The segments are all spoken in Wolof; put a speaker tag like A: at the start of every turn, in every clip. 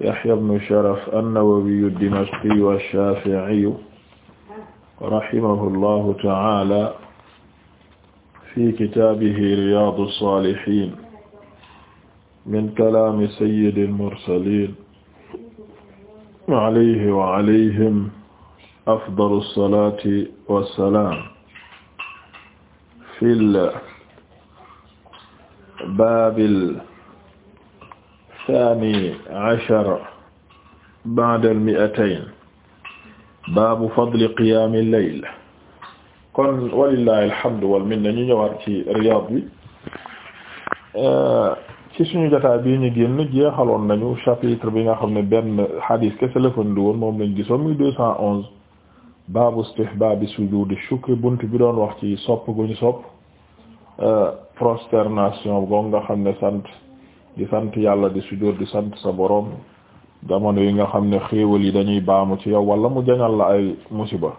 A: Yahya ibn Sharaf an-Nawawiyu ad-Dimashqiyu ash-Shafi'iyu rahimahullahu ta'ala fi kitaabihi Riyaadu as-Saalihiin min kalaami sayyidil mursaliin alayhi wa alayhim afdalu as-salaati was-salaam fil baabil saani ashar ba'da al-mi'atayn baabu fadli qiyaami layl kon walillahi alhamdu wal minna ñu ñëwaat ci Riyad bi euh, ci suñu jotaay bii ñu génn jeexaloon nañu chapitre bi nga xam ne benn hadith kese la fandi woon moom lañ gisoon muy deux cent onze shukri bunt bi doon wax ci sopp sop ñu sopp euh, prosternation go nga xam ne sant di sant yàlla di sujjóot di sant sa borom jamono yi nga xam ne xéewal yi dañuy baamu ci yow wala mu jañal la ay musiba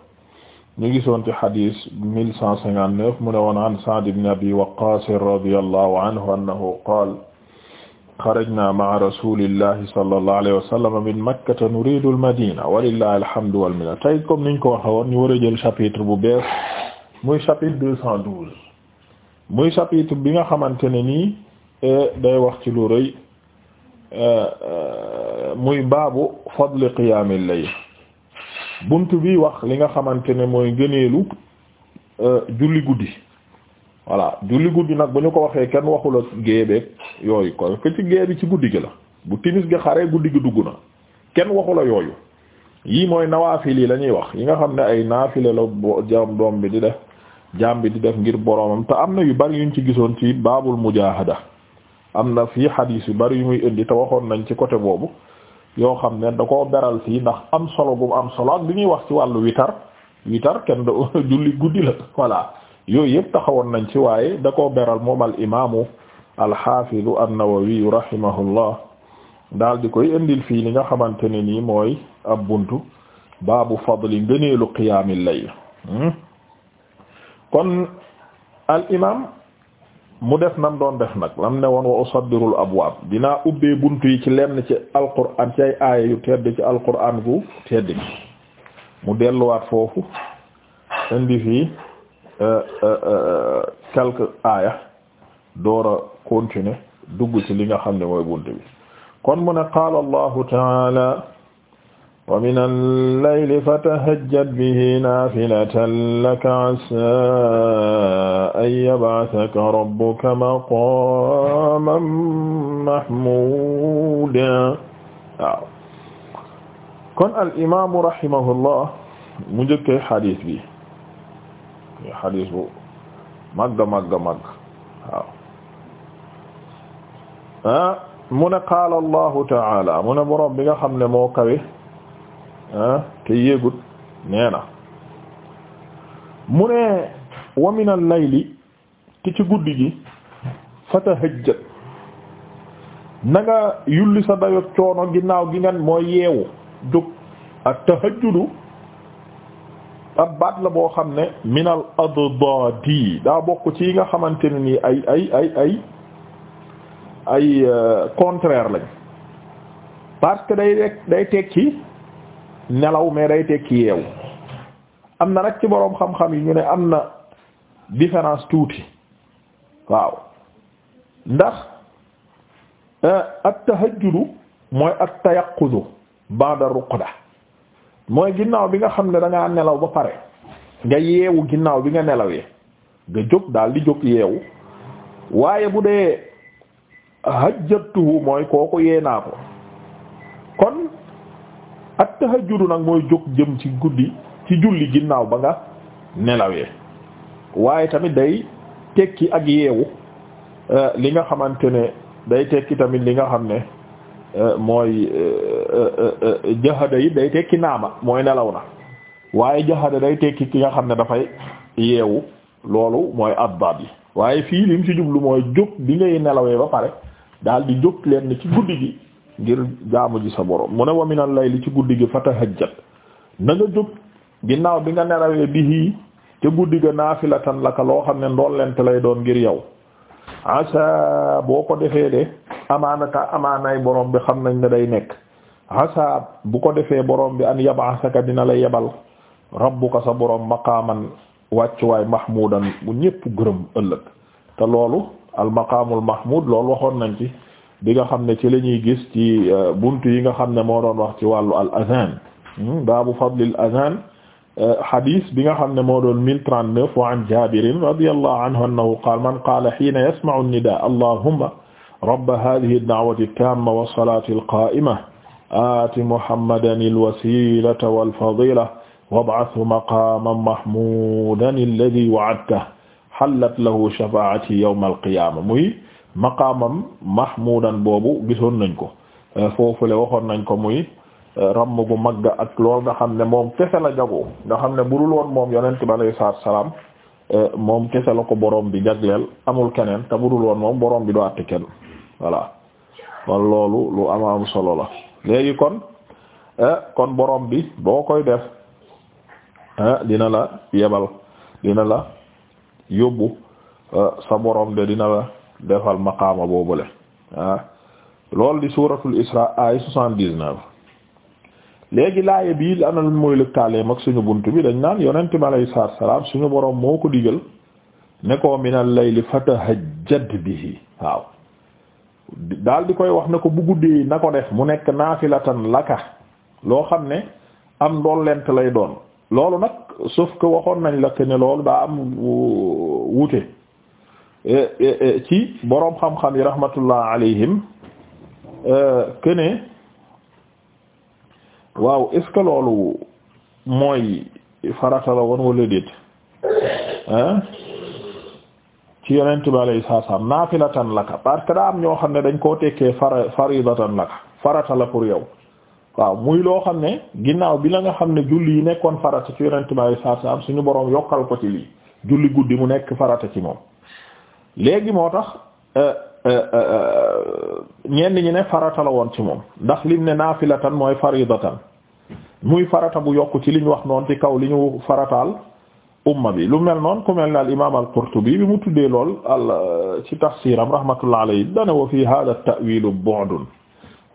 A: ñu soon ci xadis 1159 mu ne woon an Sa'd ibn Abi Waqqas radiyallahu anhu annahu qaala xarajna ma'a rasulillahi sallallahu alayhi wa sallam min makkata nuridu al-madina walillahi alhamdu wal minna tey comme niñ ko waxe woon ñu war a jël chapitre bu bees muy chapitre 212 muy day wax ci lu rëy euh, euh, muy baabu fadl qiyaamil layl bunt bi wax li nga xamante ne mooy gëneelu euh, julli guddi voilà julli guddi nag bu ñu ko waxee kenn waxula géebeeg yooyu ko ko ci gée ci guddi gi la bu timis gi xare guddi gi dugg na kenn waxula yooyu yii mooy nawaafil yi la ñuy wax yi nga xam ne ay naafile la jaam doom bi di def jaam bi di def ngir boromam te am na yu bari yuñ ci gisoon ci baabul mujaahada am na fii xadiis yu bari yu muy indi te waxoon nañ ci côté boobu yoo xam ne da koo beral fii ndax am solo bu am solo ak li ñuy wax ci wàllu witar witar kenn da julli guddi la voilà yooyu yëpp taxawoon nañ ci waaye da koo beral moom al imaamu alxafidu an-Nawawi rahimahullah daal di koy indil fii li nga xamante ne nii mooy ab buntu baabu fadli ngëneelu qiyaamil layl hmm? kon al imaam mu def nam doon def nag lam ne woon wa usaddirul abwaab dinaa ubbee buntu yi ci lenn ci alquran ci ay aaya yu gu tedd gi mu delluwaat foofu indi fii euh, euh, euh, quelques aaya door a continuer ci li nga xam ne mooy buntu bi kon mu ne qaala allahu taala wa min al-layli fatahajjad bihi naafilatan laka asaa an yab'athaka rabbuka maqaman mahmuuda waaw kon al imaamu rahimahullah mu njëkkee xadis bi xadis bu màgg màgg màgg waaw ah mu ne qaala allahu taala mu ne boroom bi nga xam ne moo kawe ah te yéegut nee na mu ne wa min al-layli te ci guddi gi fatahajjat na nga yulli sa dayoog coono ginnaaw gi nga mooy yeewu jóg ak tahajjudu ab baat la boo xam ne min al addaadi daa bokk ci yi nga xamante ne nii ay ay ay ay ay euh, contraire lañ parce que day day tekki nelaw mais day tekki yeewu am na nag ci boroom xam-xam yi ñu ne am na différence tuuti waaw ndax euh, at-tahajjudu mooy at-tayaqqudu ba'da ruqda mooy ginnaaw bi nga xam ne da nelaw ba pare nga yeewu ginnaaw bi nga nelawee nga jóg daal di jóg yeewu waaye bu dee hajjatuhu mooy kooku yee naa ko kon at-tahajjudu nag mooy jóg jëm ci guddi ci julli ginnaaw ba nga nelawee waaye tamit day tekki ak yeewu euh, li nga xamante ne day tekki tamit li nga xam ne euh, mooy euh, jahada yi day tekki naama mooy nelaw na waaye jahada day tekki ki nga xam ne dafay yeewu loolu mooy addaab yi waaye fii lim ci jublu mooy jóg bi ngay nelawee ba pare daal di jóg leen ci guddi gi ngir jaamu ji sa borom mu ne wa minal li ci guddi gi fatahajjat na nga jóg ginnaaw bi nga nelawee bihi ca guddi ga naafilatan laka loo xam ne ndollent lay doon ngir yow asa boo ko defee de amaanata amaanay boroom bi xam nañ ne day nekk asa bu ko defee boroom bi an yab'asaka dina la yebal rabbuka sa borom maqaaman wàccuwaay mahmudan bu ñépp gërëm ëllëg te loolu al maqaamul mahmud loolu waxoon nañ ci bi nga xam ne ci lañuy gis ci euh, buntu yi nga xam ne moo doon wax ci wàllu al azan hmm, baabu fadlil azan hadis bi nga xam ne moo doon 1039 wa an jabirin radiyallahu anhu annahu qaala man qaala hiina yasma'u an-nidaa allahumma rabba haadhihi ad-da'wati at-taamma was-salaati al-qaa'imati aati muhammadan al-wasiilata wal-fadiilata wab'athhu maqaaman mahmuudan alladhii wa'adtahu hallat lahu shafaa'atii yawma al-qiyaama muy maqaaman mahmuudan boobu gisoon nañ ko foofule waxoon nañ ko muy ramm gu magga ak lool nga xam ne moom kese la jagoo nga xam ne budul woon moom yonent bi alayhi salaatu salaam euh, moom kese la ko boroom bi jagleel amul keneen te budul woon moom boroom bi doo àtte kenn voilà kon loolu lu ama am solo la léegi kon euh, kon boroom bi boo koy def euh, dina la yebal dina la yóbbu sa borom de dina la defal maqaama boobu le ah. loolu di suuratul Isra ay soixante-dix-neuf léegi laaye bii ana lu mooy lëkkaaleem ak suñu bunt bi dañ naan yonent bi alayhi salaatu salaam suñu boroom moo ko digal ne ko minal layli bi bihi waaw daal di koy wax ne ko bu guddee na ko def mu nekk naa naafilatan laka loo xam ne am lent lay doon loolu nag sauf ko waxoon nañ la que ne loolu daa am wuute eh, eh, eh, ci boroom xam-xam yi rahmatullah alayhim que waaw est-ce que loolu mooy farata la woon wala ci ah ci yonent bi alayhi salaam naafilatan laka parce que daa am ñoo xam ne dañ koo tekkee fara faridatan laka farata la pour yow waaw muy loo xam ne ginnaaw bi la nga xam ne julli yi nekkoon farata ci yonent bi alayhi salaam suñu boroom yokkal ko ci julli guddi mu nekk farata ci moom léegi moo tax. Euh, Euh, euh, euh, ñenn ñi ne farata la woon ci moom ndax lim ne naafilatan mooy faridatan muy farata bu yokk ci li liñ wax noonu ci kaw li ñu farataal umma bi lu mel noonu ku mel ne al imaam al qurtubi bi mu tuddee lool al tax tafsiram rahmatullah alayhi dana wa fi hada ta'wilu bu'dun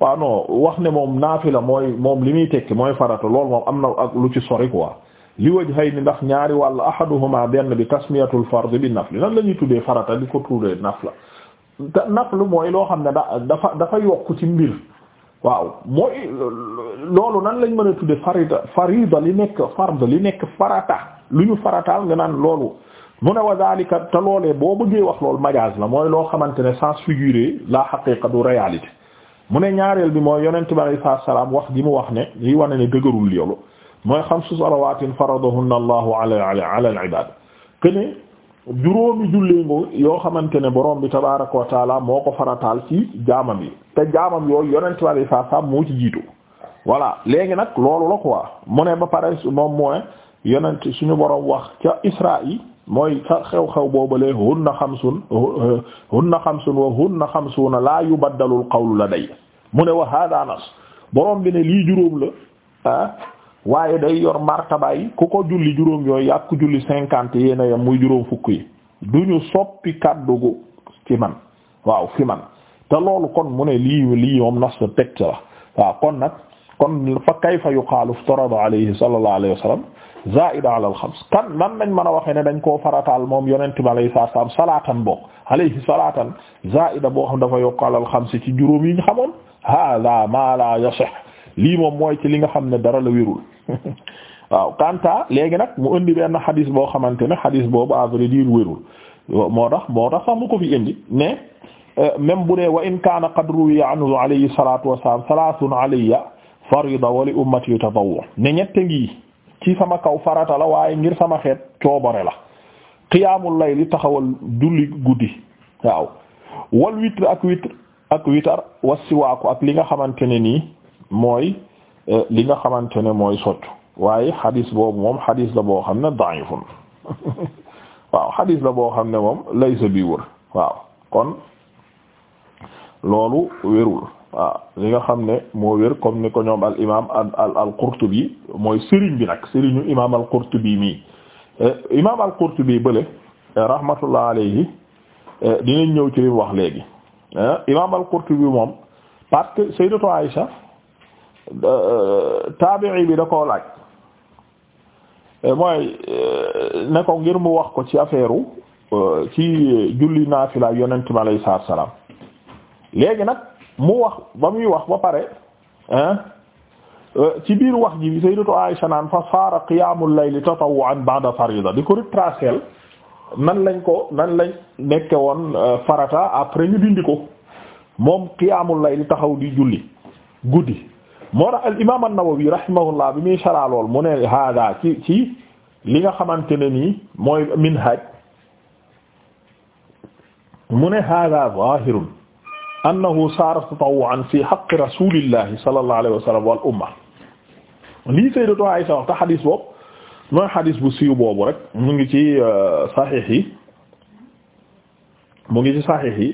A: waaw wax ne moom naafila mooy moom li muy tekki mooy farata lool moom am na ak lu ci sori quoi li ni ndax ñaari wàll ahaduhuma ben bi tasmiyatul fard bi nafli na la ñuy tuddee farata di ko tuddee nafla lu mooy loo xam ne da dafa dafa yokk ci mbir waaw mooy loolu nan lañ mën a tudde farida farida li nekk fard li nekk farata lu ñu farataal nga naan loolu mu ne wa zalika te loolee boo bëggee wax loolu majaaz la mooy loo xamante ne sens figuré la xaqiqa du réalité mu ne ñaareel bi mooy yonent bi alayhi salaatu salaam wax gi mu wax ne lii wane ne dëgërul yoolu mooy xamsu salawaatin faradahunna allahu ala ala al ibaad juróomi jullingu yoo xamante ne boroom bi tabaaraka wa taala moo ko farataal ci jaamam yi te jaamam yooyu yonent bi saa saa moo ci jiitu voilà léegi nag loolu la waa mu ne ba pare su moom mooy yonent suñu borom wax ca Isra yi mooy ca xew-xew boobalee hunna xamsun hunna xamsun wa hunna xamsuuna laa yubaddalul qawlu la day mu ne wa haadaa nas borom bi ne lii juróom la ah, waaye day yor martaba yi ku ko julli juróom yooyu yàgg ku julli cinquante yéena yam muy juróom fukk yi du ñu soppi kàddu gu fi man waaw fi man te loolu kon mu ne lii lii moom nas teg la waaw kon nag kon fa kayfa yuqaalu iftarada alayhi sallallahu alayhi wa sallam zaida ala al xams kan nan lañ mën a waxee ne dañ koo farataal moom yonent bi alayhi salaatu salaam salaatan bokk alayhi salaatan zaida boo xam dafa yokk ala al xams ci juróom yi ñu xamoon hada ma la yasih lii moom mooy ci li nga xam ne dara la wérul waaw kanta léegi nag mu indi benn xadis boo xamante ne xadis boobu à vrai dire moo tax moo tax sax mu ko fi indi mais euh, même bu dee wa in kaana qad ruwiya anhu alayhi salatu wasalaam salatun alayya farida wali ummati tatawwu ne ñette ngi ci sama kaw farata la waaye ngir sama xeet coobare la qiyaamul layli taxawal julli guddi waaw wal witr ak witr ak witar was siwaaku ak li nga xamante ne nii mooy euh, li nga xamante ne mooy soccu waaye xadis boobu moom xadiis la boo xam ne da'ifun waaw xadis la boo xam ne moom laysa bi wër waaw kon loolu wérul waaw li nga xam ne moo wér comme ni ko ñoom al imaam al al Qurtubi mooy sëriñ bi nag sëriñu imaam al Qurtubi mii euh, imaam al Qurtubi bële euh, rahmatullah alayhi dinañ ñëw ci li wax léegi imaam al Qurtubi moom parce que sayyidatu Aïsha Euh, taabi'i bi da koo laaj euh, mooy euh, ne ko ngir mu wax ko ci affaire ci julli naafila yonent mi alayhi salaatu salaam léegi nag mu wax ba muy wax ba pare ci biir wax ji sayyidatu Aisha naan fa saara qiyaamul layli tatawwu'an ba'da farida di ko retracer nan lañ ko nan lañ nekke woon farata après ñu dindi ko moom qiyaamul layli taxaw di julli guddi moo tax al imaam an-Nawawi rahimahullah bi muy saraa lool mu ne hada ci ci li nga xamante ne nii mooy minhaj mu ne hada zahirun annahu saara tatawwu'an fi haqqi rasulillahi sallallahu alayhi wa sallam wal umma lii sayyidatu Aisha wax ta xadis boobu mooy xadis bu siiw boobu rek mu ngi ci saxiix yi mu ngi ci saxiix yi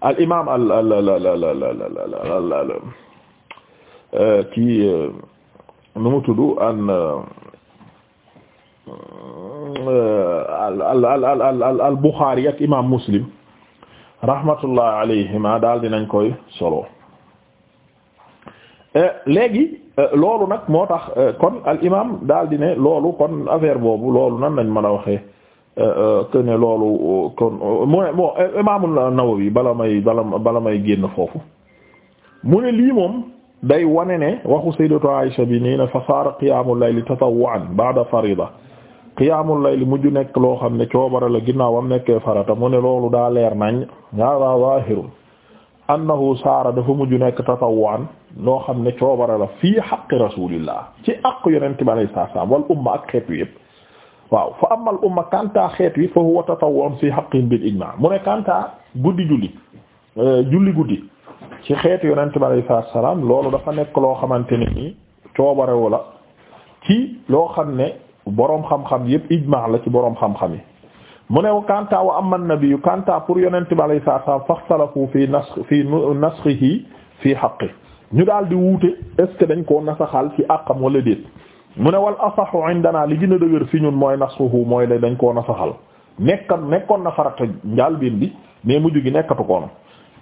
A: al imaam al al al al al Euh, kii euh, nu mu tudd an euh, al al al al al Bukhari ak imaam Muslim rahmatullah alayhima daal dinañ koy solo léegi loolu nag moo tax kon al imaam daal di ne loolu kon affaire boobu loolu nan lañ mën a waxee que ne loolu kon mu imaamul Nawawi may bala may génn foofu mu ne lii moom. day wane ne waxu sayyidatu Aisha bi nii ne fa saara qiyaamul layli tatawwu'an ba'da farida qiyaamul layli mujj nekk loo xam ne coobara la ginnaawam nekkee farata mu ne loolu daa leer nañ hada zahirun annahu saara dafa mujj nekk tatawwu'an loo xam ne coobara la fii haqqi rasulillah ci aq yonent bi alayhi salaam wal umma ak xeet wi yëpp waaw fa amal umma kanta xeet wi fa huwa tatawwu'un fii haqqin bil ijma' mu ne kanta guddi julli eh, julli guddi ci xeetu yonent bi alayhi salaam loolu dafa nekk loo xamante ne nii coobarewu la ci loo xam ne boroom xam-xam yépp ijmaa la ci boroom xam-xam yi mu ne kanta wa amma nabiyu kanta pour yonent bi alayhi salaatu wa salaam faxtalafu fi nasx fi nasxihi fi haqqi daal di wuute est dañ koo nasaxal ci àqam wala mu ne wal asaxu indana li gën a dëgër fi ñun mooy nasxuhu mooy dañ koo nasaxal nekkan nekkoon na farata njaal biin bi mais mujj gi nekkatu koon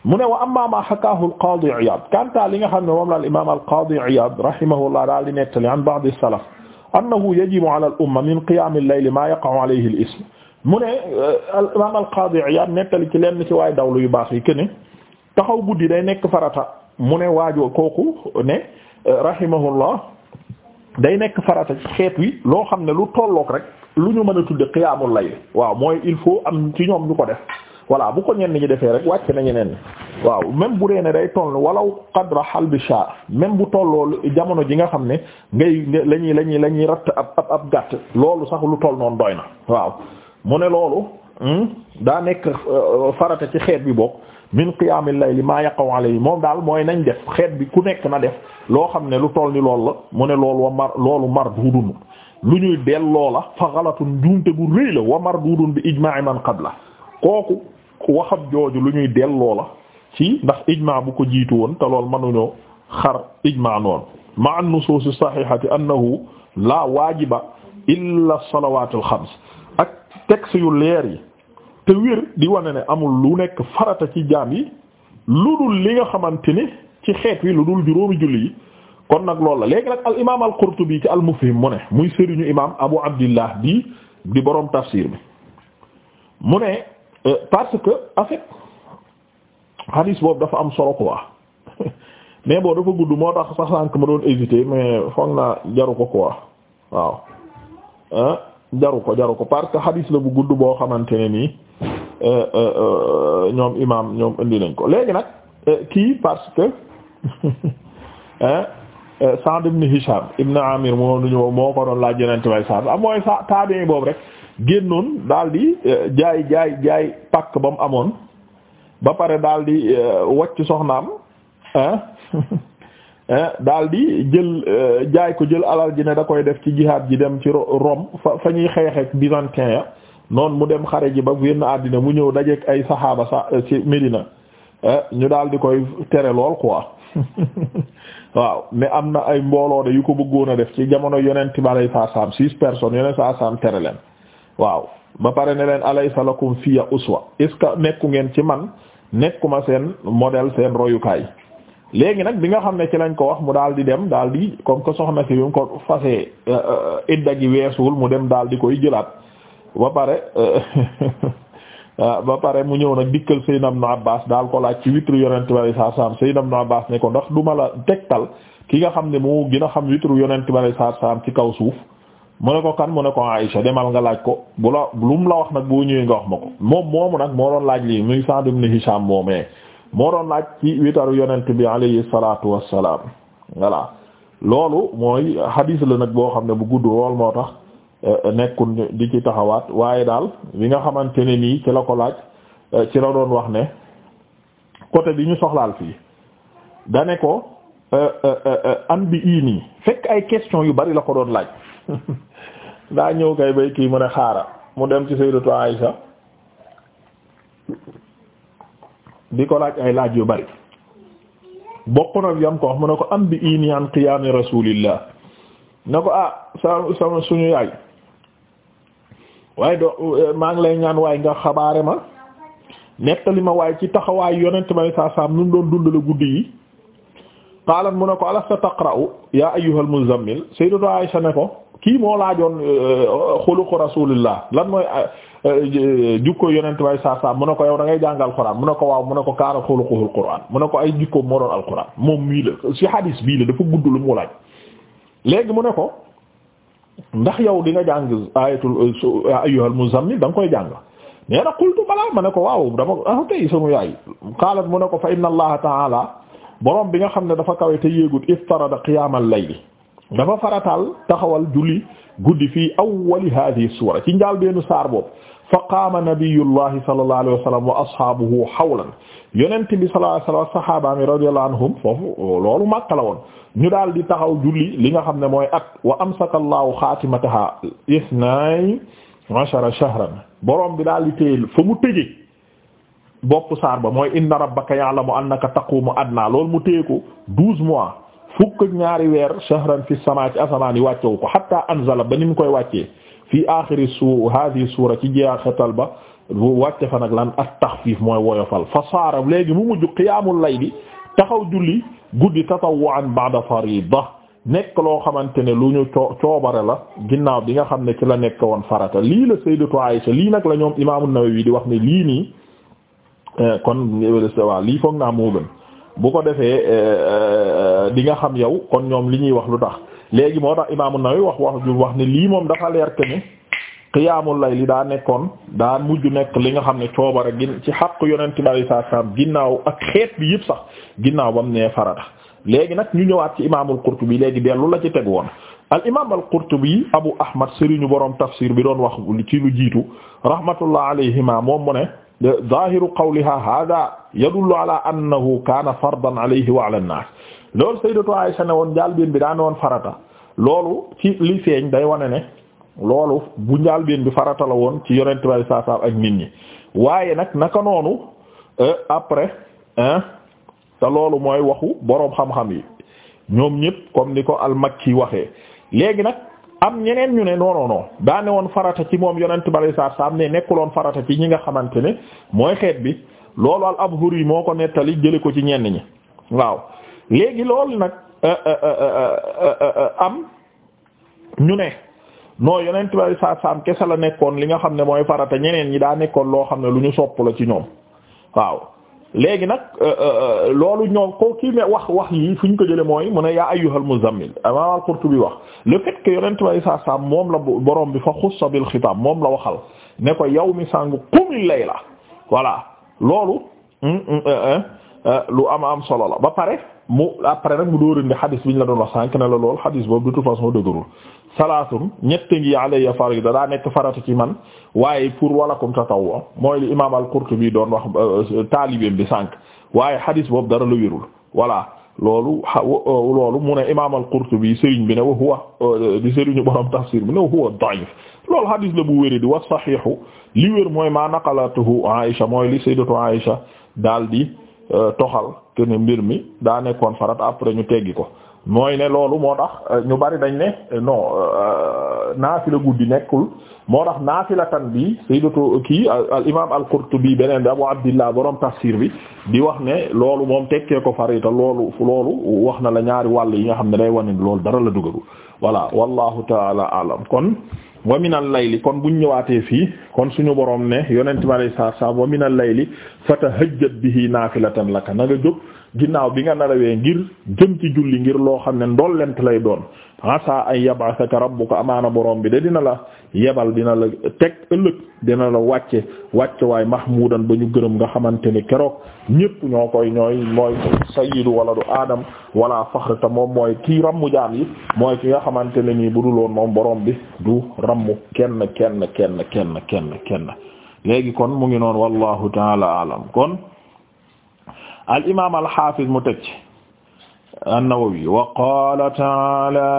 A: mu ne wa amma ma hakaahu al-qaadi Iyaad kanta li nga xam ne moom la al-imaam al-qaadi Iyaad rahimahullah daal di nettali an ba'd as-salaf annahu yajibu ala al-umma min qiyaam al-layl ma yaqa'u mu ne euh, al-imaam al-qaadi nettali ci lenn ci waay dawlu yu baax yi que ne taxaw guddi day nekk farata mu ne waajoo kooku ne euh, rahimahullah day nekk farata ci xeet wi loo xam ne lu tolloog rek lu ñu mën a tudde qiyaamul layl waaw mooy il faut am ci ñoom ñu ko voilà bu ko ñenn ñi defee rek wàcc nañu ñeneen waaw même bu dee ne day toll walaw qadra halbisha même bu tolloo jamono ji nga xam ne ngay la ñuy la ñuy la ñuy ratt ab ab gàtt loolu sax lu toll noonu doy na waaw mu ne loolu hmm, daa nekk euh, farata ci xeet bi bokk min qiyaamil layli maa yaqaw yi moom daal mooy nañ def xeet bi ku nekk na def loo xam ne lu toll ni lool la mu ne loolu wa mar loolu mar duudun lu ñuy delloo la fa galatun njuumte gu rëy la wa mar duudun bi ijmaa'i man qabla kooku waxab jooju lu ñuy delloo la ci ndax ijmaa bu ko jiitu woon te lool mënuñoo xar ijmaa noonu ma an nusuusi saxiixati annahu la waajiba illa salawaatul xams ak texte yu leer yi te wér di wane ne amul lu nekk farata ci jaam yi lu dul li nga xamante ni ci xeet wi lu dul juróomi julli yi kon nag lool la léegi nag al imaam al qurtubi ci al mufhim mu ne muy sëriñu imaam abu abdillah di di boroom tafsir bi mu ne Euh, parce que en fait hadis boobu dafa am solo quoi mais boo dafa gudd moo tax sax sànq ma doon hésiter mais foog naa jaru ko quoi waaw ah jaru ko jaru ko parce que hadis la bu gudd boo xamante ne nii euh, euh, ñoom imam ñoom indi nañ ko léegi nag kii parce que Sa'd ibn Hisham ibn Amir moo ñu moo ko doon laaj yeneen tubaab yi Sa'd ah mooy sa tabi'i boobu rek. génnoon daal di eh, jaay jaay jaay pàkk ba mu amoon ba pare daal di eh, wàcc soxnaam daal di jël eh, jaay ko jël alal ji ne da koy def ci jihaad ji dem ci Rome fa fa ñuy xeexeek byzantin ya noonu mu dem xare ji ba génn àddina mu ñëw dajeek ay saxaaba sa ci Medina ñu daal di koy tere lool quoi waaw mais am na ay mbooloo de yu ko bëggoon a def ci jamono yonent bi alayhi six personnes yonent saa tere leen waaw ba pare ne leen alaysa lakum fiya uswa est ce que nekku ngeen ci man nekkuma seen modèle seen royukaay léegi nag bi nga xam ne ci lañ ko wax mu daal di dem daal di comme que soxna si bi mu ko fasee euh, euh, idda gi weesuwul mu dem daal di koy jëlaat ba pare euh, ba pare mu ñëw nag dikkal Seydina Ibn Abbas daal ko laaj ci witru yonent bi saa saam Seydina Ibn Abbas ne ko ndax duma la tegtal ki nga xam ne moo gën a xam witru yonent bi saa saam ci kaw suuf mu ne ko kan mu ne ko Aïcha demal nga laaj ko bu la lu mu la wax nag boo ñëwee nga wax ma ko moom moomu nag moo doon laaj lii muy Sa'd ibn Hisham moomee moo doon laaj ci witaru yonent bi alayhi salatu wassalam voilà loolu mooy hadis nag boo xam ne bu gudd lool moo tax euh, nekkul di taxawaat waaye daal bi nga xamante ne nii ci la ko laaj euh, ci la doon wax ne côté bi ñu soxlaal fii dane ko euh, an bi ii nii fekk ay question yu bari la ko doon laaj daa ñëw kay bay kii mu ne xaara mu dem ci sayyidatu Aisha di ko laaj ay laaj yu bari bokk na yam ko wax mu ne ko am bi ini an qiyaami rasulillah ne ko ah sa suñu yaay waaye do maa ngi lay ñaan waay nga xabaare ma nettali ma waay ci taxawaay yonent may saa saam nu mu dund dundale guddi yi qaalat mu ne ko alasta taqra'u yaa ayyuhal muzammil sayyidatu Aisha ne ko kii moo laajoon euh, xuluqu rasulillah lan mooy jukko yeneen way saa saa mu ne ko yow dangay ngay jàng alquran mu ne ko waaw mu ne ko kaana xuluquhul quran mu ne ko ay jikkoom moo doon alquran moom wii la ci hadis bii la dafa gudd lu mu laaj léegi mu ne ko ndax yow di nga jàng ayatul euh, ayyuhal muzammil da nga koy jàng nee na qultu balaa ma ne ko waaw dama ah kay sama yaay qaalat mu ne ko fa inna allaha taala borom bi nga xam ne dafa kawe te yéegut iftarada qiyaamal layli dafa farataal taxawal julli guddi fii awwali hadhihi suura ci njaal benn saar boobu fa qaama nabiyullahi sallallahu alayhi wa sallam wa ashaabuhu hawlan yonent bi sallallahu alayhi wa sallam daal di taxaw julli li nga xam ne mooy at wa amsaka allahu xaatimataha isnay ashara shahran borom bi daal di téye fa mu tëjee bopp saar ba mooy inna rabbaka ya'lamu annaka taqumu adna loolu mu téye ko douze mois fukk ak ñaari weer shahran fi sama ci asamaan yi wàccewu ko hatta anzala ba ni mu koy wàccee fii aaxiri su hadhihi suura ci jeexatal ba bu wàcce fa nag lan at taxfiif mooy woyofal fa saara léegi mu mujj qiyaamul layli taxaw julli guddi tatawwu'an ba'da fariida nekk loo xamante ne lu ñu coo coobare la ginnaaw bi nga xam ne ci la nekk woon farata lii la sayyidatu Aisha lii nag la ñoom imaamu Nawawi di wax ne lii nii eh, kon eh, waa lii foog naa moo gën bu ko defee eh, eh, eh, di nga xam yow kon ñoom li ñuy wax lu tax léegi moo tax imaamu Nawawi wax wax ju wax ne lii moom dafa leer que ni qiyaamul li daa nekkoon daa mujj nekk li nga xam ne coobara gin ci xaq yonent bi saa saam ginnaaw ak xeet bi yëpp sax ginnaaw bam nee farata léegi nag ñu ñëwaat ci imaamul Qurtubi léegi dellu la ci teg woon al imaam al Qurtubi Abu Ahmad sëriñu borom tafsir bi doon wax ci lu jiitu rahmatullah alayhima moom mu ne. zahiru qawliha hada yadullu ala annahu kaana fardan alayhi wa ala an-nas loolu sayyidatu Aisha ne woon njàlbéen bi daan woon farata loolu ci li feeñ day wane ne loolu bu njàlbéen bi farata la woon ci yonent bi saa saa ak nit ñi waaye nag naka noonu euh, après te loolu mooy waxu boroom xam-xam yi ñoom ñëpp comme ni ko al-Makki waxee léegi nag. am ñeneen ñu ne non non non daa ne woon farata ci moom yonent bari saa saam ne nekkuloon farata ci ñi nga xamante ne mooy xeet bi loolu al yi moo ko nettali jëlee ko ci ñenn ñi waaw léegi loolu nag euh, euh, euh, am ñu ne non yonent bari saam kese la nekkoon li nga xam ne mooy farata ñeneen ñi daa nekkoon loo xam ne lu ñu sopp la ci ñoom waaw. léegi nag euh, euh, euh, loolu ñoom ko kii wax wax yi fu ñu ko jële mooy mu ne yaa ayyuhal muzammil imam al-Qurtubi wax le fait que yonent bay moom la borom bi fa xussa bil xitaab moom la waxal ne ko yow mi sàngu qumil layla voilà loolu lu am am solo la ba pare mu après nag mu dóorandi xadis bi ñu la doon wax sànq na la lool xadis boobu de toute façon dëgërul salaatum ñett ngi alayya farida daa nekk farata ci man waaye pour walakum tatawwu mooy li imaam al-Qurtubi doon wax euh, taalibeem bi sànq waaye hadis boobu dara la wérul voilà loolu euh, loolu mu ne imaam al-Qurtubi sëriñ bi ne wa huwa euh, di sëriñu borom tafsir bi ne huwa da'if loolu hadis la bu wéri di wax saxiixu li mooy maa ma naqalatuhu Aïcha mooy li sayyidatu Aïcha daal di toxal te ne mbir mi daa nekkoon farat après ñu teggi ko. mooy ne loolu moo tax euh, ñu bari dañ ne euh, non euh, naafila guddi nekkul moo tax naafila tan bi sayyidatu kii al imaam al qurtubi beneen bi abu abdillah borom tafsir bi di wax ne loolu moom tekkee ko farita loolu loolu wax na la ñaari wàll yi nga xam ne day wane loolu dara la dugaru voilà wallahu taala alam kon wa minal layli kon buñ ñëwaatee fii kon suñu borom ne yonent bi alayhi salaatu wa salaam wa minal layli fatahajjad bihi naafilatan laka na nga jóg ginnaaw bi nga narawee ngir jëm ci julli ngir loo xam ne ndollent lay doon asa ay yab'athaka rabbuka amaana boroom bi de dina la yebal dina la teg ëllëg dina la wàcce wàcce waay mahmudan ba ñu gërëm nga xamante ni keroog ñépp ñoo koy ñooy mooy sayyidu waladu aadam wala faxr te moom mooy kii rammu jaam yi mooy ki nga xamante ne nii bu dul moom boroom bi du rammu kenn kenn kenn kenn kenn kenn léegi kon mu ngi noonu wallahu taala alam kon al imaam al xaafiz mu teg ci an-Nawawi wa qaala ta'aala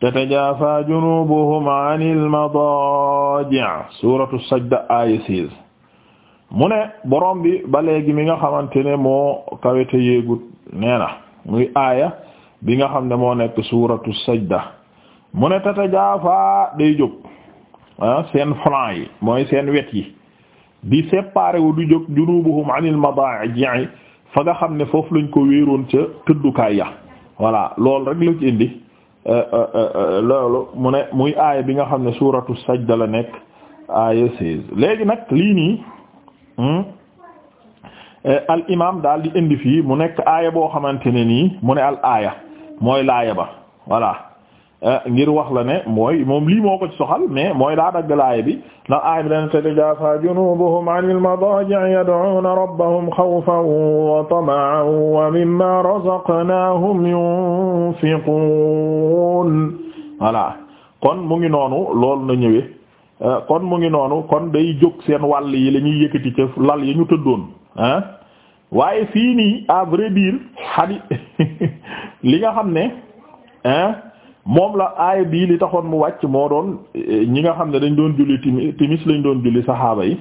A: tatajaafa junubuhum anil suuratu sajda aaya seize mu ne borom bi ba léegi mi nga xamante ne moo kawete yéegut nee na muy aaya bi nga xam ne moo nekk suuratu sajda mu ne tatajaafa day jóg ah seen flanc yi mooy seen wet yi bi séparé wu du jóg junubuhum anil madaaji fa nga xam ne foofu lañ ko wéeroon ca tëddukaay ya voilà loolu rek la ci indi euh, euh, euh, loolu mu ne muy aaya bi nga xam ne suuratu sajda la nekk aaya seize léegi nag lii nii hmm? al imam daal di indi fii mu nekk aaya boo xamante ne nii mu ne al aaya mooy laaya ba voilà Eh, ngir wax la ne mooy moom lii moo ko ci soxal mais mooy daa dagg laaya bi ndax aaya bi dana tatajaafaa junubuhum anil madaaji'i yad'uuna rabbahum xawfan wa tama'an wa mimmaa razaqnaahum yunfiquun voilà kon mu ngi noonu lool na ñëwee eh, kon mu ngi noonu kon day jóg seen wàll yi lañuy ñuy yëkkati ca lal yi ñu tëddoon eh? waaye fii nii à vrai xadi li nga xam ne ah moom la aaya bii li taxoon mu wàcc moo doon ñi nga xam ne dañ doon julli timis timis lañ doon julli saxaaba yi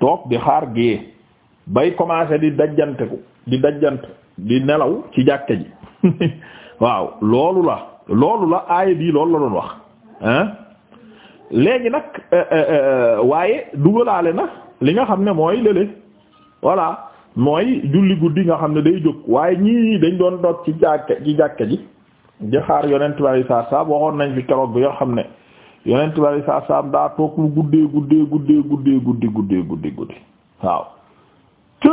A: toog di xaar gée bay commencé di dajjante dajjanteku di dajjant di nelaw ci jàkka ji waaw loolu la loolu la aaya bii loolu la doon wax léegi nag euh, euh, euh, waaye dugalaale na li nga xam ne mooy lële voilà mooy julli guddi nga xam ne day jóg waaye ñii dañ doon dog ci jàkka ci jàkka ji di xaar yonent bari saa saam waxoon nañ bi keroog bi ñoo xam ne yonent bari saa saam daa toog lu guddee guddee guddee guddee guddi guddee guddi guddi waaw ca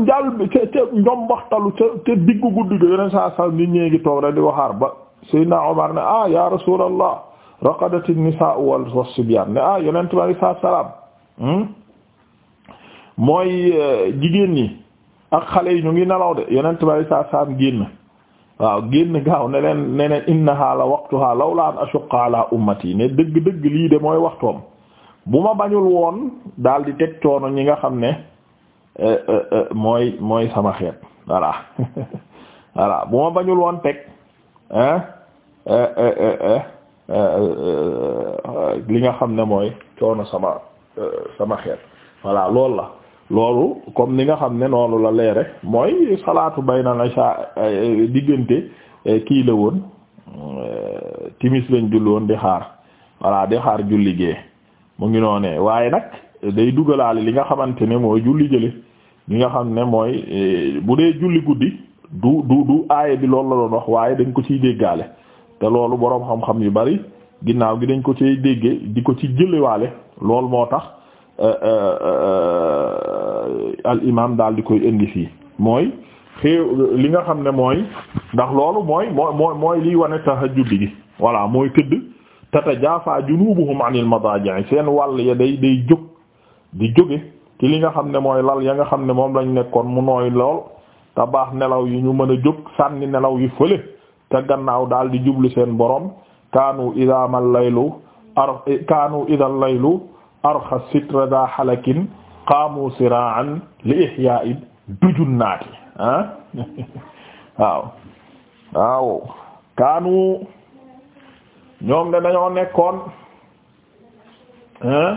A: njal bi ca ca njombaxtalu ca diggu guddi ga yonent saa saam nit ñee ngi toog rek di waxaar ba Seydina Omar ne ah ya rasulallah raqadati nisaa wal wasibyan ne ah yonent bari saa salaam hmm? mooy eh, jigéen ñi ak xale yi ñu ngi nelaw de yonent bari saa saam génn waaw génn gaaw ne leen ne leen innaha la waqtuha lawla an ummati ne dëgg-dëgg lii de mooy waxtoom bu ma bañul woon daldi di teg coono ñi nga xam ne eh, eh, eh, mooy mooy sama xeet voilà voilà bu ma li nga xam ne mooy coono sama xeet voilà loolu la loolu comme ni nga xam ne noonu la leere mooy salaatu bayna isha euh, diggante euh, kii la woon euh, timis lañ julli woon di xaar voilà di xaar julli gee mu ngi noonee waaye nag day dugalaale li nga xamante ne mooy julli jële li nga xam ne mooy bu dee julli guddi du du du aaye bi loolu la doon wax waaye dañ ko ciy déggaale te loolu boroom xam-xam yu bari ginnaaw gi dañ ko ciy déggee di ko ci jëlewaale loolu moo tax Euh, euh, euh, al imam daal di koy indi fii mooy xew li nga xam ne mooy ndax loolu mooy mooy mooy mooy liy wane tahajjud gi voilà mooy tëdd tatajaafaa junubuhum anil madaaji' seen wàll ya day day jóg di jóge ci li nga xam ne mooy lal ya nga xam ne moom lañ nekkoon mu nooy lool te baax nelaw yi ñu mën a jóg sànni nelaw yi fële te gannaaw daal di jublu seen borom kaanu idaa laylu ar kaanu idaa laylu arxa sitra da halakin qaamu siraan li ihyaa'i dujunnaati ah waaw waaw kaanu ñoom de dañoo nekkoon ah?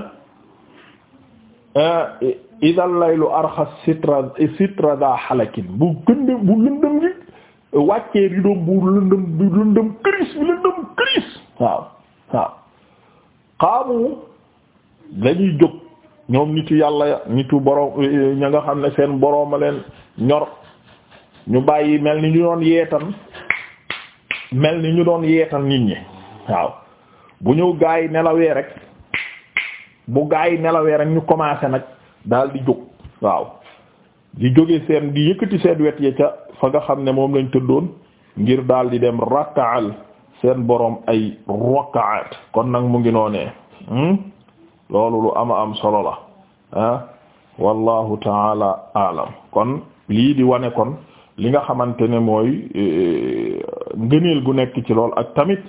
A: eh, idal laylu arxa sitra sitra da halakin bu gënd bu lëndëm gi wàccee ridoom bu lëndëm bu lëndëm këris bi lëndëm këris waaw waaw qaamu lañuy jóg ñoom nitu yàlla ya nitu boroom ña nga xam ne seen borooma leen ñor ñu bàyyi mel ni ñu doon yeetan mel ni ñu doon yeetan nit ñi waaw bu ñëw gaa yi nelawee rek bu gaa yi nelawee rek ñu commencé nag daal di jóg waaw di jóge seen di yëkkati seen wet ya ca fa nga xam ne moom lañ tëddoon ngir daal di dem rakkaal seen boroom ay rokkaat kon nag mu ngi noonee hmm? loolu lu ama am solo la ah wallahu taala alam kon lii di wane kon li nga xamante ne mooy e, ngëneel gu nekk ci lool ak tamit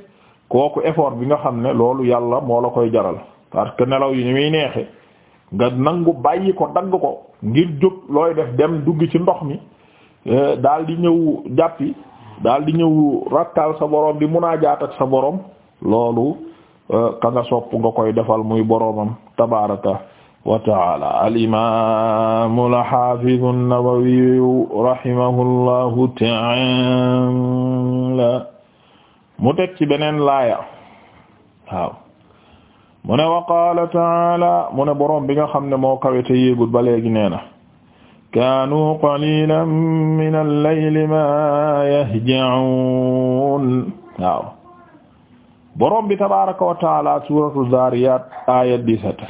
A: kooku effort bi nga xam ne loolu yàlla moo la koy jaral parce que nelaw yi ni muy neexe nga nangu bàyyi ko dagg ko ngir jóg looy def dem dugg ci ndox mi e, daal di ñëw jàppi daal di ñëw rakkaal sa borom di munaajaat ak sa boroom loolu Euh, ka koy defal muy boromam tabaraka wa taala alimamu alhafidu an-Nawawiyu rahimahullahu taala mu teg ci beneen laaya waaw mu ne wa qaala taala mu ne boroom bi nga xam ne moo kawete yéegul ba léegi nee na qalilan min al ma yahja'un borom bi tabaraka wa taala suratu zariyat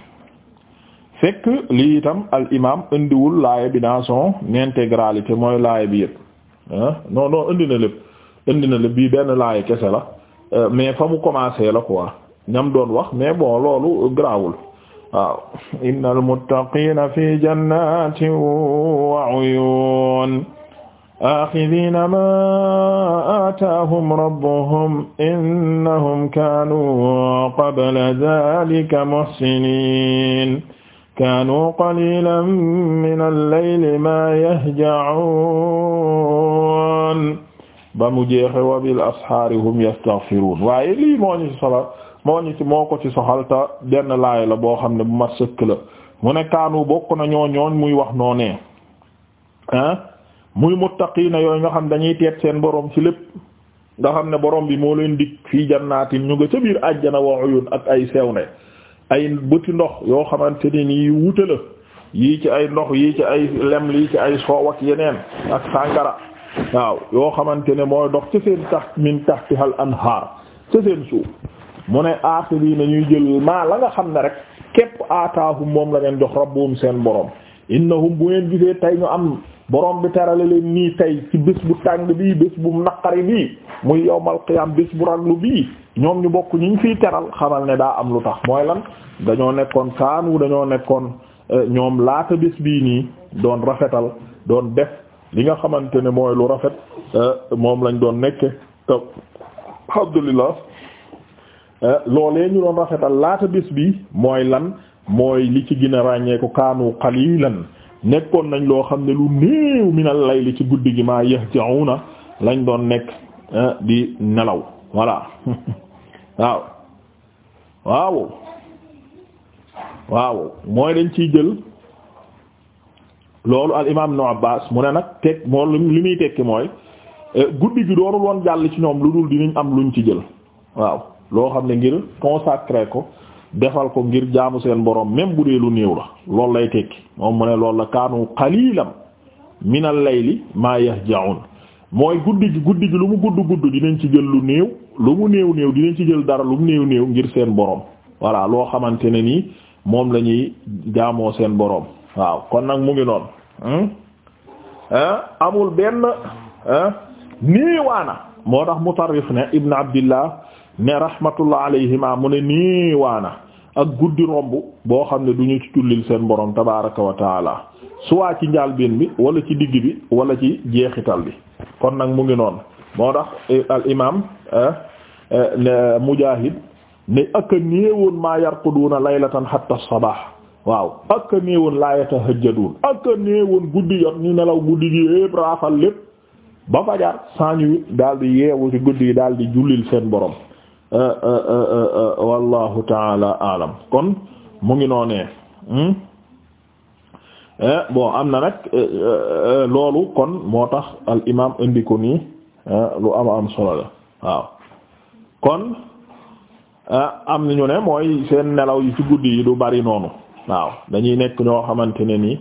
A: fekk lii itam indiwul laaya bi dans mooy laaya bi yëpp ah, non non indi na lépp indi na lépp bii euh, fa mu commencé la quoi ñam doon wax mais bon loolu grawul waaw innal muttaqina fi jannatin wa axidina ma ataahum rabbuhum innahum kaanuu qabla daalika muhsiniin kaanuu qaliilan minal layli maa yahja'uun ba mu jeexe wa bil ashaari hum yastaghfiruun waaye lii moo ñu ci soxla moo ñu ci moo ko ci soxalta benn laay la boo xam ne bu ma sëkk la mu ne kaanu bokk na ñoo ñooñ muy wax noonee ah muy muttaqiina yooyu nga xam dañuy teet seen borom ci lépp nga xam ne boroom bi moo leen dig fii jannaatin ñu nga ca biir àjjana wa uyun ak ay sew ne ay bëti ndox yoo xamante ni nii wute la yii ci ay ndox yii ci ay lem yii ci ay soow ak yeneen ak sàngara waaw yoo xamante ne mooy dox ca seen tax min tahtihal anhaar ca seen suuf mu ne aaxiri na ñuy jël maa la nga xam ne rek képp aataahum moom la leen jox rabbuhum seen borom innahum bu ngeen gisee tey ñu am borom bi terale leen nii tey ci bés bu tàng bii bés bu naqari bii muy yowmal qiyam bés bu raglu bii ñoom ñu bokk ñu ñu fiy teral xamal ne daa am lu tax mooy lan dañoo nekkoon kaanu dañoo nekkoon euh, ñoom laata bés bii nii doon rafetal doon def li nga xamante ne mooy lu rafet euh, moom lañ doon nekke te alhamdulillah euh, loolee ñu doon rafetal laata bés bi mooy lan mooy li ci gën a ràññeeku kaanu qalilan nekkoon nañ loo xam ne lu néew minal li ci guddi gi maa yahjauna lañ doon nekk eh, di nelaw voilà waaw waaw waaw mooy dañ ciy jël loolu al imaam ibnu Abbaas mu ne nag teg moo li muy tekki mooy eh, guddi gi doonul woon jàll ci ñoom lu dul dinañ am luñ ci jël waaw loo xam ne ngir consacré ko defal ko ngir jaamu seen borom même bu dee lu néew la loolu lay tekki moom mu ne loolu la kaanu qalilan minal layli maa yahja'un mooy guddi gi guddi gi lu mu gudd gudd dinañ ci jël lu néew lu mu néew néew dinañ ci jël dara lu mu néew néew ngir seen boroom voilà loo xamante ne nii moom la ñuy jaamoo seen boroom waaw kon nag mu ngi noonu hmm? eh? amul benn eh? néewaana moo tax mutarrif ne Ibn Abdillah ne rahmatullah alayhima mu ne nii waana ak guddi romb boo xam ne du ñu ci jullil seen borom tabaraka wa taala ci ci njàlbéen bi wala ci digg bi wala ci jeexital bi kon nag mu ngi noon moo tax eh, al imam eh, eh, Mujaahid ne ak a néewoon maa yarquduuna laylatan hatta sabah waaw ak a néewoon laa yatahajjaduun ak a néewoon guddi yot ñu nelaw guddi gi yépp raafal lépp ba fajar saa ñuy daal di yeewu ci guddi yi daal di jullil seen borom Euh, euh, euh, wallahu taala alam kon mu ngi noonee hmm? eh, boo am na rek eh, eh, loolu kon moo tax al imaam indi nii lu am am solo la waaw kon am nañu ne mooy seen nelaw yi ci guddi yi du bari noonu waaw dañuy nekk ñoo xamante ne nii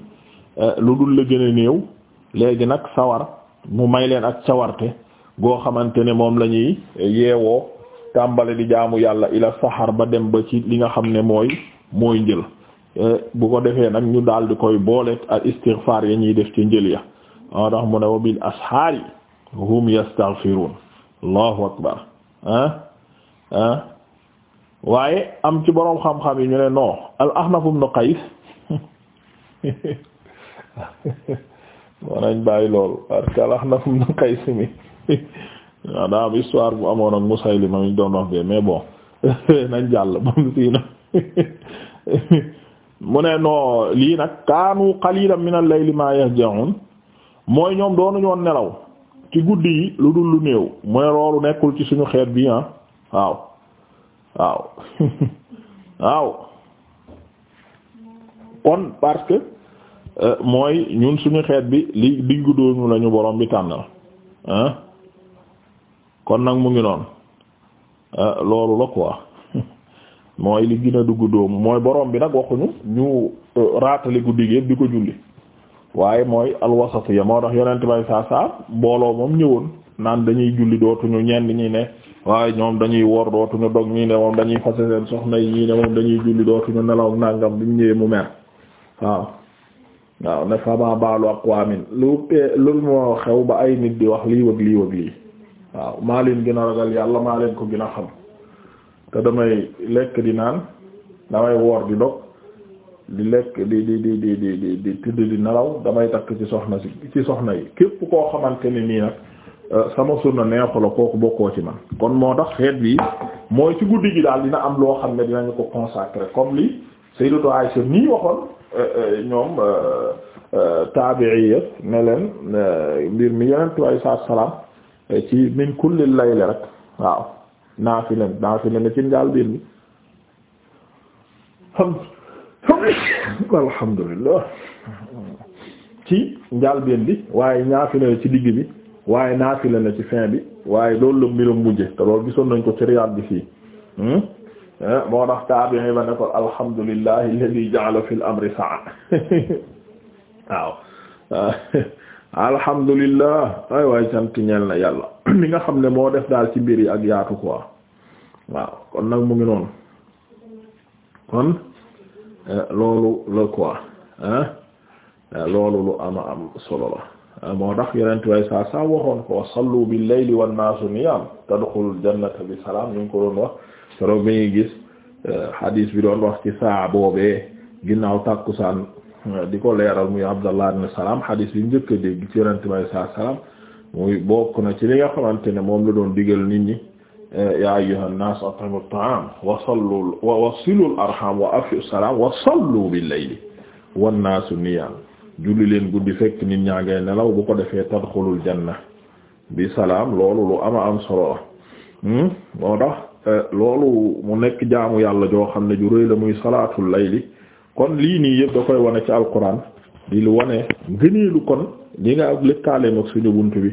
A: lu dul la gën a néew léegi nag sawar mu may leen ak sawarte goo xamante ne moom lañuy ñuy yeewoo tàmbale di jaamu yàlla ila saxar ba dem ba ci li nga xam ne mooy mooy njël eh, bu ko defee nag ñu daal di koy boole ak istighfar ya ñuy def ci njël ya waaw eh? eh? waaye am ci boroom xam-xam yi ñu ne non al ahnaf ibn qais moo nañ bàyyi loolu parce al ahnaf ibn qais mi waaw daa am histoire bu amoon ak Musaylima mi doon wax bee mais bon nañ jàll moom sii na mu ne non lii nag kaanu qalilan min al-layli ma yahja'un mooy ñoom doonuñoon nelaw ci guddi yi lu dul lu néew mu ne loolu nekkul ci suñu xeet bi ah waaw waaw waaw kon parce que euh, mooy ñun suñu xeet bi li diggu doomu lañu borom bi tànnal ah. kon nag mu ngi noonu euh, loolu la quoi mooy li gin a dugg dóomu mooy boroom bi nag waxuñu ñu euh, raatale guddi gi di ko julli waaye mooy alwasatu ya moo tax yonent bay saa saa mbooloo moom ñëwoon naan dañuy julli dootuñu ñenn ñi ne waaye ñoom dañuy wor dootuñu dog ñii ne moom dañuy fase seen soxna yi ñii ne moom dañuy julli dootuñu nelaw nàngam bi mu ñëwee mu mer waaw waaw ne fama baalu aqwamin lu eh, lu moo xew ba ay nit di wax lii wëg lii wëg lii waaw maa leen gën ragal yàlla maa ko gën xam te damay lekk di naan damay woor di dog di lekk di di di di di di di nelaw damay takk ci soxna si ci soxna yi képp koo xamante ne nii nag euh, sama sunna neexula kooku bokkoo ci man kon moo tax xeet bi mooy ci guddi gi daal dina am loo xam ne dinañu ko consacrer comme li Sayyidatu Aisha nii waxoon euh, euh, ñoom taabi'i yëpp ne leen mbir mi yeneen tuwaay saa salaam ci min kulli layli rek waaw naafila naafila la ci njaal biir bi alhamdulillah ci njaal biir bi waaye naafila la ci digg bi waaye naafila la ci fin bi waaye loolu la mbiram mujje te loolu gisoon nañ ko ci Riyaad bi fii hmm? eh, moo tax taabi'i ba ne ko alhamdulillahi alladhi ja'ala fil amri sa'a waaw alhamdulillah ay waay sant ñeel na yàlla li nga xam ne moo def daal ci mbir yi ak yaatu quoi waaw kon nag mu ngi noon kon eh, loolu la quoi hein eh? eh, loolu lu ama am solo la moo tax yenent way saa saa waxoon ko wa sallu bil layli wan naasu niyaam tadxulul bi salaam ñu ngi ko doon wax keroog bi ñuy gis hadis bi doon wax ci saa boobee ginnaaw takkusaan di ko leeral muy Abdallah ibn Salam hadis bi a dégg ci yonent bi saa salaam bokk na ci li nga xamante ne moom la doon digal nit ñi ya ayyuhan nas at'imu at-ta'am wa sallu wa wasilu al-arham wa afi'u as niyam julli leen guddi fekk nit ñaa ngay nelaw bu defee tadxulul janna bi salaam loolu lu ama am solo la hmm? eh, loolu mu nekk jaamu yàlla joo xam ne ju la muy salaatul layli kon lii nii yëpp da koy wane ci alquran di lu wane ngëneelu kon li nga ak lëkkaaleem ak suñu bunt bi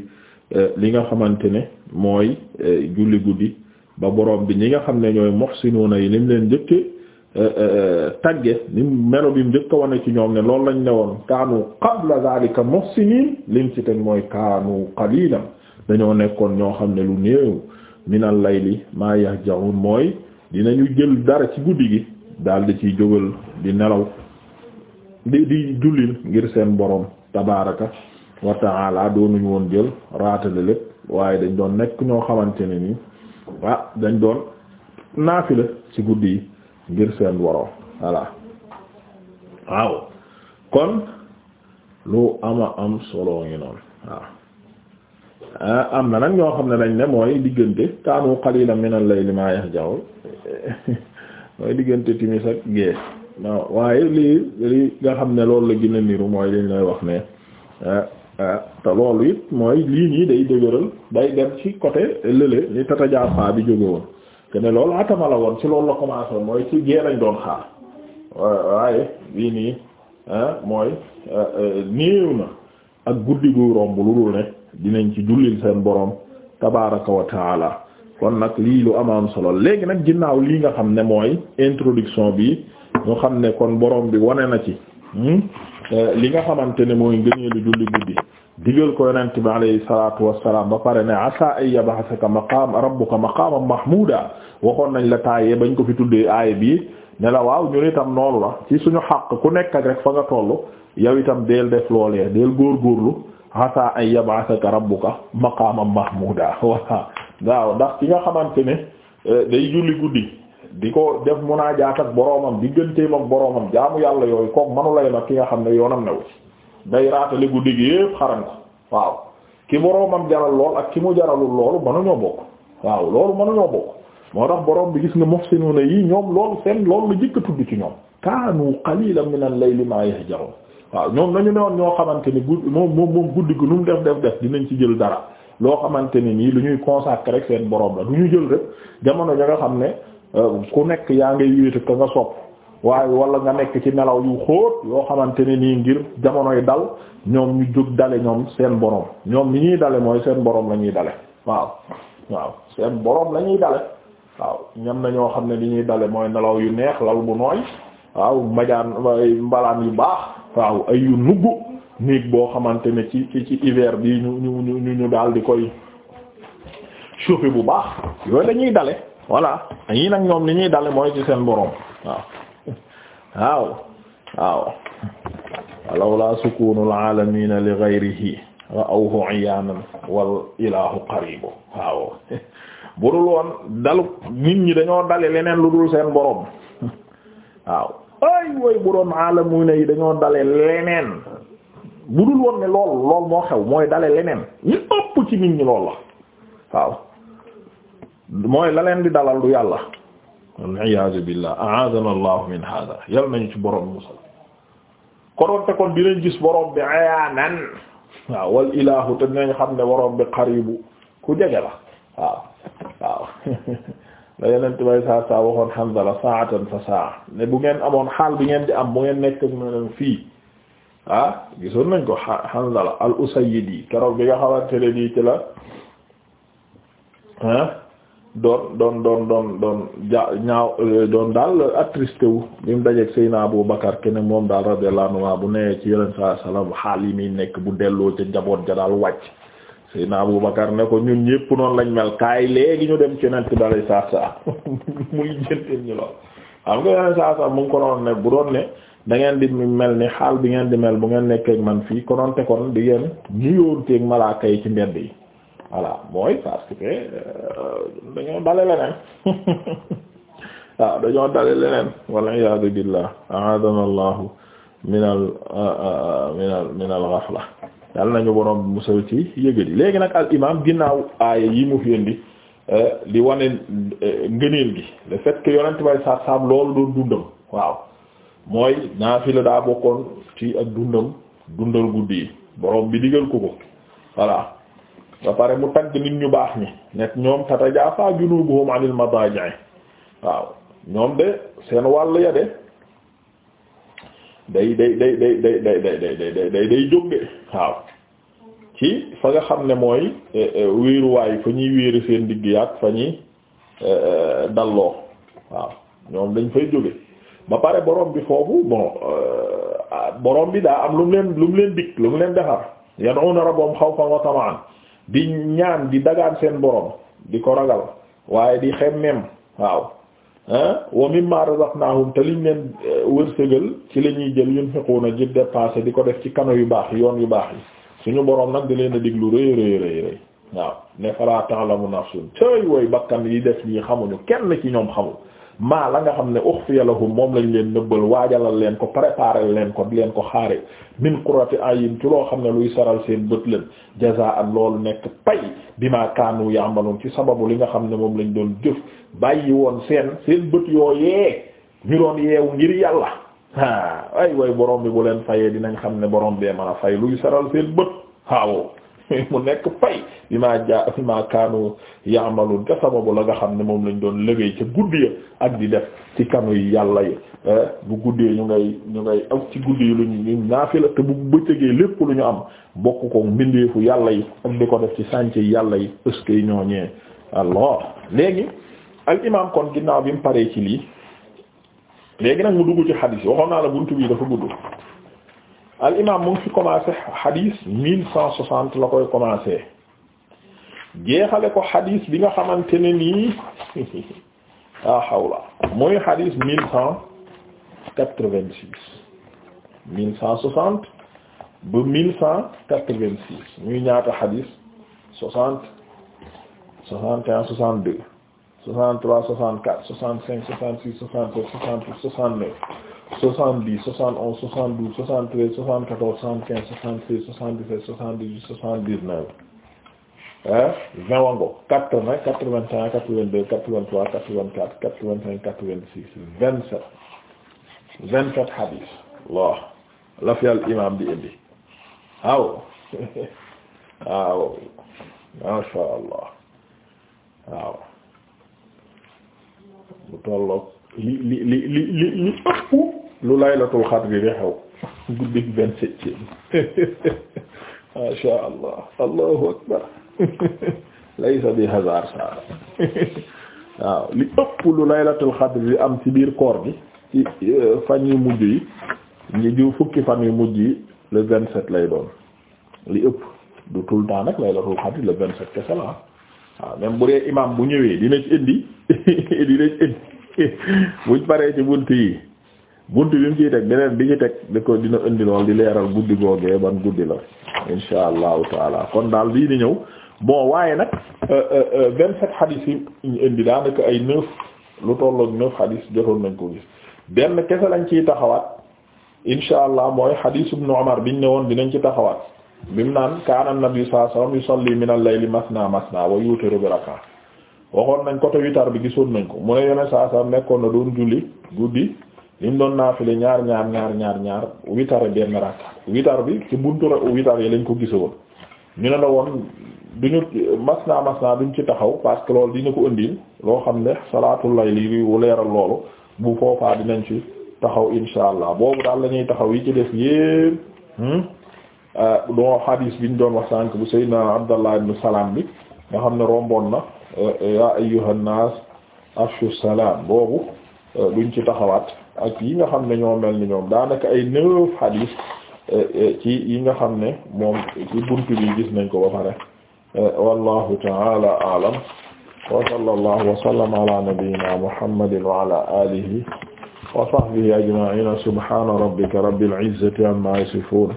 A: eh, li nga xamante ne mooy eh, julli guddi ba borom bi ñi nga xam ne ñooy muhsinuuna yi lim leen njëkk eh, tagge ni melo bi njëkk wane ci ñoom ne loolu lañ ne woon kaanu qabla zalika muhsinin lim ci teg mooy kaanu qalilan dañoo nekkoon ñoo xam ne lu néew minal layli maa yahjaun mooy dinañu jël dara ci guddi gi daal di ciy jógal di nelaw di di jullil ngir seen borom tabaraka wa ta'ala doonuñu woon jël raatale lépp waaye dañ doon nekk ñoo xamante ne ni ah dañ doon la ci guddi yi ngir seen borom voilà waaw kon lu ama am solo ngi noonu waaw ah, am na nag ñoo xam ne dañ ne mooy diggante kaanu qalilan min al-layli ma yahjaw mooy diggante timis ak gée waaye lii li nga xam ne loolu la gën a niru mooy liñ lay wax ne ah, ah, te loolu it mooy lii nii day dëgëral day dem ci côté lële li tata jaar bi jóge woon que ne atama la woon ci loolu la commencé mooy ci gée doon xaar waaye lii nii ah, mooy néew na ak guddi gu romb lu dul ne dinañ ci jullil seen borom tabaaraka wa kon nag lii lu amoon solo léegi nag ginnaaw lii nga xam ne mooy introduction bi ñoo xam ne kon borom bi wane na ci hmm, eh, li nga xamante ne mooy ngëneelu julli guddi digal ko ti bi alayhi salaatu wassalaam ba pare ne asa ay yabasaka maqaam rabbuka maqaaman mahmuuda waxoon nañ la taayee bañ ko fi tuddee aaya bi ne la waaw ñun itam noolu la ci suñu xaq ku nekk ak rek fa nga tollu yow itam deel def loolee deel góorgóorlu asa ay yabasaka rabbuka maqaaman mahmuuda waaw ndax ki nga xamante ne euh, day julli guddi di ko def a munaajaat ak boroomam digganteem ak boroomam jaamu yàlla yooyu kook manulay nag ki nga xam ne yoonam new day raatale guddi gi yépp xaran ko waaw ki boroomam jaral lool ak ki mu jaralul loolu mënuñoo bokk waaw loolu mënuñoo bokk moo tax borom bi gis nga muhsinuna yi ñoom loolu seen loolu la jëkk a tudd ci ñoom kaanu qalilan min al-layli ma yahjaru waaw ñoom nañu newoon ñoo xamante ni guddi moom moom guddi gu nu mu def def dinañ ci jël dara loo xamante ni nii lu ñuy consacrer rek seen borom la du ñu jël rek jamono ja nga xam ne euh, ku nekk yaa ngay wéetu ka nga sopp waaye wala nga nekk ci nelaw yu xóot yoo xamante ne nii ngir jamonoy dal ñoom ñu jóg dale ñoom seen borom ñoom li ñuy dale mooy seen borom la ñuy dale waaw waaw seen borom lañuy ñuy dale waaw ñam na ñoo xam ne li ñuy dale mooy nelaw yu neex lal bu nooy waaw majaan mbalaan yu baax waaw ay yu nugg néeg boo xamante ne ci ci ci hiver ñu ñu ñu ñu daal di koy bu baax yooyu dale voilà yii nag ñoom li ñuy dale mooy seen borom waaw waaw waaw walawla sukunul alamina wa awhu iyaanan wal ilahu nit ñi dañoo dale leneen lu dul seen borom waaw ay woy bu doon alamina yi dañoo dale leneen bu dul woon ne lool lool moo xew mooy dale leneen ñu ëpp ci nit ñi lool la waaw mooy la leen di dalal du yàlla wal iyaazu billah a'aadana allah min hada yal nañu ci boroom musal konoonte kon dinañ gis boroom bi ayaanan waaw wal ilahu te dinañ xam ne boroom bi qaribu ku jege la waaw waaw la yeneen bay saa saa waxoon Hanzala saatan saa ne bu ngeen amoon xaal bi ngeen di am bu ngeen nekk fii ah gisoon nañ ko Hanzala al-Usaydi keroog bi nga xamante ne nii ci la ah doon doon doon doon doon euh, doon daal attristé wu bi mu dajeeg bu Abu Bakar keneen moom daal radiyallahu anhu bu nee ci yeneen saa salaam xaal yi muy nekk bu delloo ca njaboot ja daal wàcc Seyna Abu Bakar ne ko ñun ñépp noonu lañ mel kaay léegi ñu dem ci yeneen ci dalay saa saa muy jënteen ñu lool xam nga yeneen saa saa mu ngi ko doon ne bu doon ne. dangeen ngeen di mel ni xaal bi ngeen di mel bu ngeen nekkee man fii kononte kon di ngeen nuyoonteeg malaaka yi ci mbedd yi voilà mooy parce que euh, dañoo dale leneen waaw ah, dañoo dale leneen wal iyaadu billah aadana allahu min ah, ah, al min al min al ghafla yal nañu borom musal ci yëgadi léegi nag al imam ginnaaw aaya yi mu fi euh, di wane euh, ngëneel gi le fait que yonent bay saab saab loolu doon dundam waaw mooy naafila daa bokkoon ci ak dundam dundal guddi yi borom bi digal ko ko voilà ba pare mu tagg nit ñu baax ñi nekk ñoom tatajaafaa junubuhum anil madaaji' waaw ñoom de seen wàll ya de day day day day day day day day day day jóg de waaw ci fa nga xam ne mooy wéeruwaay fa ñuy wéeru seen digg yaak fa ñuy dalloo waaw ñoom dañ fay jóge ba pare boroom bi foofu bon euh, ah, borom bi daa am lu mu leen lu mu leen dig lu mu leen defar yad'una xaw khawfan wa tama'an di ñaan di dagaan seen borom di ko ragal waaye di xemmeem waaw wa mimma razaqnahum te liñ leen euh, wërsëgal ci la ñuy jël yunfiquna ji dépensé di ko def ci kano yu baax yoon yu baax yi suñu borom nag di leen diglu rëy rëy rëy rëy waaw ne fala ta'lamu nafsun tey woy bakkan yi def lii xamuñu kenn ci ñoom xamul maa la nga xam ne ukhfiya lahum moom lañ leen nëbbal waajalal leen ko préparer leen ko di leen ko xaare min qurrati ayun ci loo xam ne luy saral seen bët leen jazaa'an loolu nekk pay bima kaanu ya'malun ci sababu li nga xam ne moom lañ doon jëf bàyyi woon seen seen bët yooyee ñu doon yeewu ngir yàlla ah ay way borom bi bu leen fayee dinañ xam ne borom bee mën a fay luy saral seen bët waaw mu nekk pay bi maa jaa bi maa kaanu yaamaluun ca sababu la nga xam ne moom lañu doon liggéey ca guddi ya ak di def ci kanu yi yàlla yi eh, bu guddee ñu ngay ñu ngay aw ci guddi yi lu ñu naafila te bu bëccëgee lépp lu ñu am bokk ko mbindeefu yàlla yi ak di ko def ci yi yàlla yi est-ce que ñooñee alors léegi al imaam kon ginnaaw bi mu paree ci lii léegi nag mu dugg ci xadiis yi waxoon naa la buntu bi dafa gudd al imam mu ngi fi commencé mille cent soixante la koy commencé jeexale ko xadis bi nga xamante ne nii xaw la mooy xadis mille cent quatre-vingt-six mille cent soixante ba mille cent quatre-vingt-six muy ñaata xadis soixante soixante et soixante-deux 63 64 65 66 67 68 69 70 71 72 73 74 75 76 77 78 79 ah 20 wango 80 81 82 83 84 85 86 27 24 hadis Allah la fi al imam bi indi waaw waaw masha Allah waaw bu tolloog li li li li li ëpp lu laylatul xadri di xew guddig vingt-septième ma sha allah allahu akbar laysa bi hasard saara waaw li ëpp lu laylatul xat bi am ci biir koor gi ci euh, fan yu mujj yi ñi ju fukki fan yu mujj yi le vingt-sept lay doon li ëpp du tout le temps nag laylatul xadri le vingt-sept kese la waaw même bu dee imam bu ñëwee dina ci indi dina ci indi buñ paree ci bunt yi bunt bi mu ciy teg beneen bi ci teg da ko dina indi lool di leeral guddi googee ban guddi la insha allahu taala kon daal lii di ñëw bon waaye nag euh, euh, euh, vingt-sept xadiis yi indi daanaka ay neuf lu tollook neuf xadiis jotoon nañ ko gis benn kese lañ ciy taxawaat insha allah mooy xadiis ibnu Umar biñ ne woon dinañ ci taxawaat bi mu naan kaana nabi sallallahu alayhi wasallam yusalli min al-layli masna masna wa yutiru bi rak'a waxoon nañ côté witar bi gisoon nañ ko mu ne yone saa saa nekkoon na doon julli guddi li mu doon naafile ñaar ñaar ñaar ñaar ñaar witar benn rakka witar bi ci buntu witar yi lañ ko gisoon ñu ne la woon duñu masna masna duñ ci taxaw parce que loolu dina ko ëndil loo xam ne salaatul layli wu leeral loolu bu foofaa dinañ ci taxaw insha allah boobu daal lañuy taxaw yi ci def yépp hmm? Euh, doo hadis biñ doon wax sànk bu sayyidina Abdallah ibn Salam bi nga xam ne romboon na euh, yaa ayyuhan naas afshu salaam boobu euh, duñ ci taxawaat ak yi nga xam ne ñoo mel ni ñoom daanaka ay neuf hadis ci yi nga xam ne moom ci buntu bi gis nañ ko ba pare wallahu ta'ala a'lam wa sallallahu wa sallama ala nabiyyina muhammadin wa ala alihi wa sahbihi ajma'in subhana rabbika rabbil izzati amma yasifun